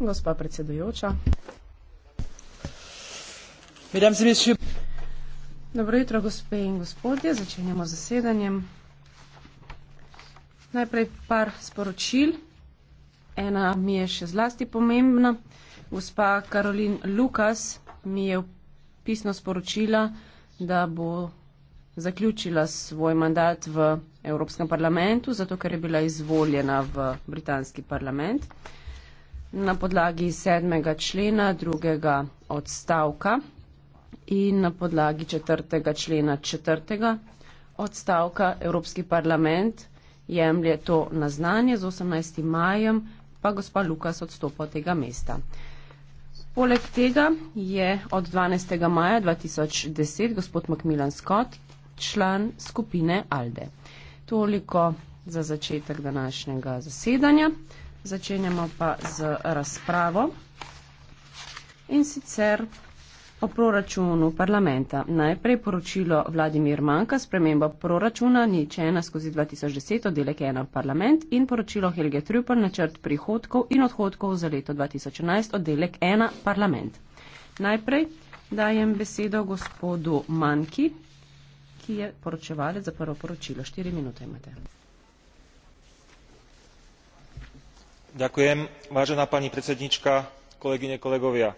gospa predsedujoča. Dobro jutro, gospe in gospodje, začenjamo z zasedanjem. Najprej par sporočil. Ena mi je še zlasti pomembna. Gospa Karolin Lukas mi je pisno sporočila, da bo zaključila svoj mandat v Evropskem parlamentu, zato ker je bila izvoljena v britanski parlament. Uh, na podlagi sedmega člena drugega odstavka in na podlagi četrtega člena četrtega odstavka Evropski parlament jemlje to na znanje z 18. majem, pa gospa Lukas odstopa od tega mesta. Poleg tega je od 12. maja 2010 gospod Macmillan Scott član skupine ALDE. Toliko za začetek današnjega zasedanja začenjamo pa z razpravo in sicer o proračunu parlamenta. Najprej poročilo Vladimir Manka, sprememba proračuna, nič ena skozi 2010, oddelek ena parlament in poročilo Helge Trupel, načrt prihodkov in odhodkov za leto 2011, oddelek ena parlament. Najprej dajem besedo gospodu Manki, ki je poročevalec za prvo poročilo. Štiri minute imate. vážená pani predsedníčka kolegyne kolegovia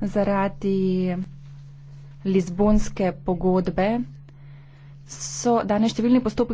zaradi lizbonske pogodbe so danes številni postopki komisije zastavljeni na